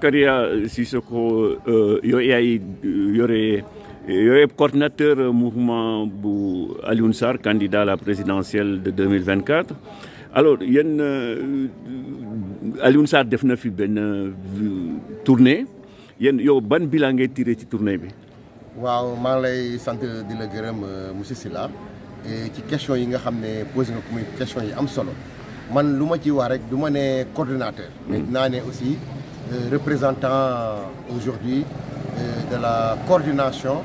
Karia euh, Sissoko euh, yo yaay euh, yore coordinateur mouvement bu Alounsar, candidat à la présidentielle de 2024 alors yéen Alioune Sarr fi tournée yéen yow ban bilan ngay tiré ci tournée bi waaw maa ngi lay sant di la gërëm monsieur Sylla ci question yi nga xam ne posé nga question yi am solo man suis ci coordinateur mais je suis aussi euh, représentant aujourd'hui euh, de la coordination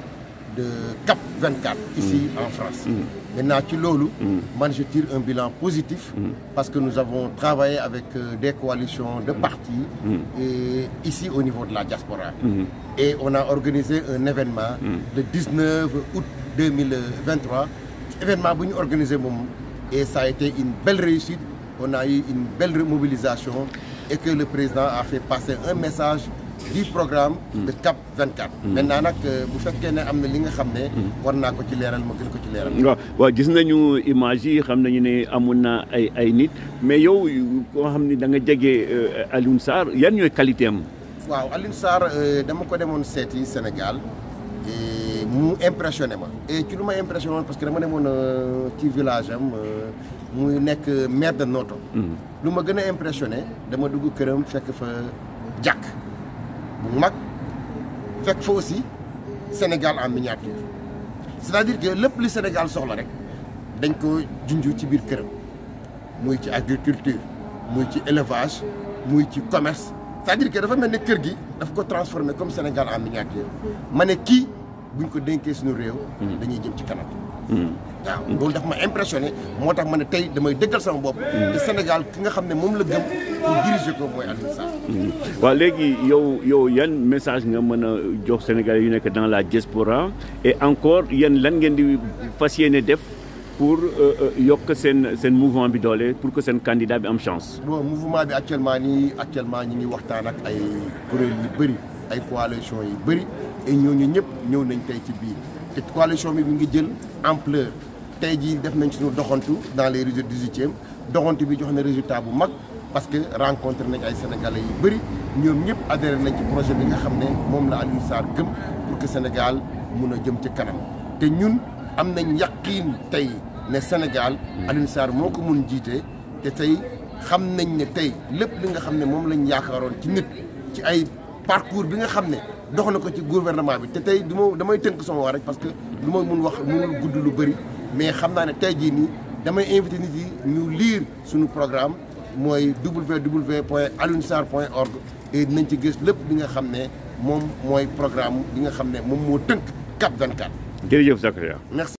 de CAP 24 ici mm. en France. Mm. Maintenant, ci mm. je tire un bilan positif parce que nous avons travaillé avec euh, des coalitions de partis et ici au niveau de la diaspora. Et on a organisé un événement le 19 août 2023. Événement nous organisé et ça a été une belle réussite. On a eu une belle mobilisation et que le président a fait passer un message du programme mm. de CAP 24. Mm. maintenant que euh, vous fekkee ne am na li nga xam ne. Mm. war naa ko ci leeral ma gën ko ci leeral. waaw waaw gis nañu image yi xam nañu ne amoon na ay ay nit mais yow koo xam ne da nga jege euh, Alioune Sarr yan ñooy qualité am. waaw Alioune Sarr euh, dama ko demoon seeti Sénégal mu impressionné ma et ci lu ma impressionné parce que dama un petit euh, village am euh, muy nek maire de Noto hmm. lu ma impressionné dama dugg kërëm fekk fa Jack bu mag fekk fa aussi Sénégal en miniature c'est-à-dire que le li Sénégal soxla rek dañ ko junj ci biir kërëm muy ci agriculture muy ci élevage muy ci commerce c'est-à-dire que dafa mel ne kër gi daf ko transformer comme Sénégal en miniature mané qui buñ ko dénkee suñu réew. Hmm. dañuy jëm ci kanam. Hmm. waaw loolu daf ma impressionné moo tax ma ne tey damay dëggal sama bopp. Hmm. te Sénégal ki nga xam ne moom la gëm pour diriger ko mooy Aliou Sall. waaw léegi yow yow yan message nga mën a jox Sénégalais yu nekk dans la diaspora et encore yan lan ngeen di fas yéene def pour euh, euh, yokk seen seen mouvement bi doole pour que seen candidat bi am chance. bon mouvement bi actuellement nii actuellement ñu ngi waxtaan ak ay kuréel yu bëri. ay coalition yu bëri et ñooñu ñëpp ñëw nañ tey ci biir te coalition bi mi ngi jël ampleur tey jii def nañ suñu doxantu dans les régions du 18e doxantu bi jox na résultat bu mag parce que rencontre nañ ay sénégalais yu bëri ñoom ñëpp adhéré nañ ci projet bi nga xam ne moom la Alioune saar gëm pour que Sénégal mun a jëm ci kanam te ñun am nañ yaqiin tey ne Sénégal Alioune Sarr moo ko mun jiite te tey xam nañ ne tey lépp li nga xam ne moom lañ yaakaaroon ci nit ci ay. parcours bi nga xam ne dox na ko ci gouvernement bi te tey du ma damay tënk sama wax rek parce que lu ma mun wax mënul gudd lu bëri mais xam naa ne tey jii nii damay invité nit yi ñu lire suñu programme mooy www point alunsar point org et dinañ ci gis lépp li nga xam ne moom mooy programme bi nga xam ne moom moo tënk CAP 24. jërëjëf Zakaria merci.